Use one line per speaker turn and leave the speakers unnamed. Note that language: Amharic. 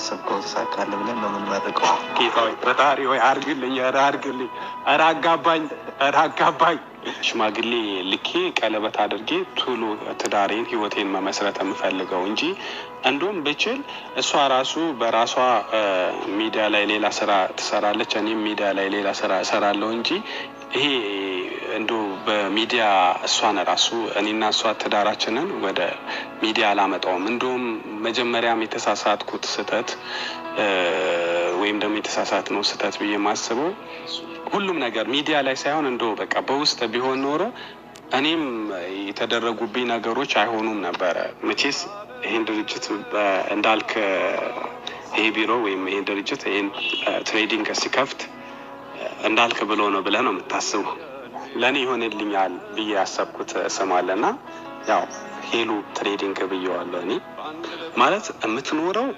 ያሰብከውን ተሳካለ ብለን ነው የምናደርገው።
ጌታ ፈጣሪ ሆይ አርግልኝ፣ ኧረ አርግልኝ፣ ኧረ አጋባኝ፣ ኧረ አጋባኝ። ሽማግሌ ልኬ ቀለበት አድርጌ ቶሎ ትዳሬን ህይወቴን መመስረት የምፈልገው እንጂ እንዲሁም ብችል እሷ ራሱ በራሷ ሚዲያ ላይ ሌላ ስራ ትሰራለች፣ እኔም ሚዲያ ላይ ሌላ ስራ እሰራለሁ እንጂ ይሄ እንዱ በሚዲያ እሷን ራሱ እኔና እሷ ትዳራችንን ወደ ሚዲያ አላመጣውም። እንዲሁም መጀመሪያም የተሳሳትኩት ስህተት ወይም ደግሞ የተሳሳት ነው ስህተት ብዬ የማስበው ሁሉም ነገር ሚዲያ ላይ ሳይሆን እንዶ በቃ በውስጥ ቢሆን ኖሮ እኔም የተደረጉብኝ ነገሮች አይሆኑም ነበረ። መቼስ ይህን ድርጅት እንዳልክ ይሄ ቢሮ ወይም ይህን ድርጅት ይህን ትሬዲንግ ሲከፍት እንዳልክ ብሎ ነው ብለህ ነው የምታስበው። ለእኔ ይሆንልኛል ብዬ ያሰብኩት ስም አለና ያው ሄሉ ትሬዲንግ ብየዋለው እኔ ማለት የምትኖረው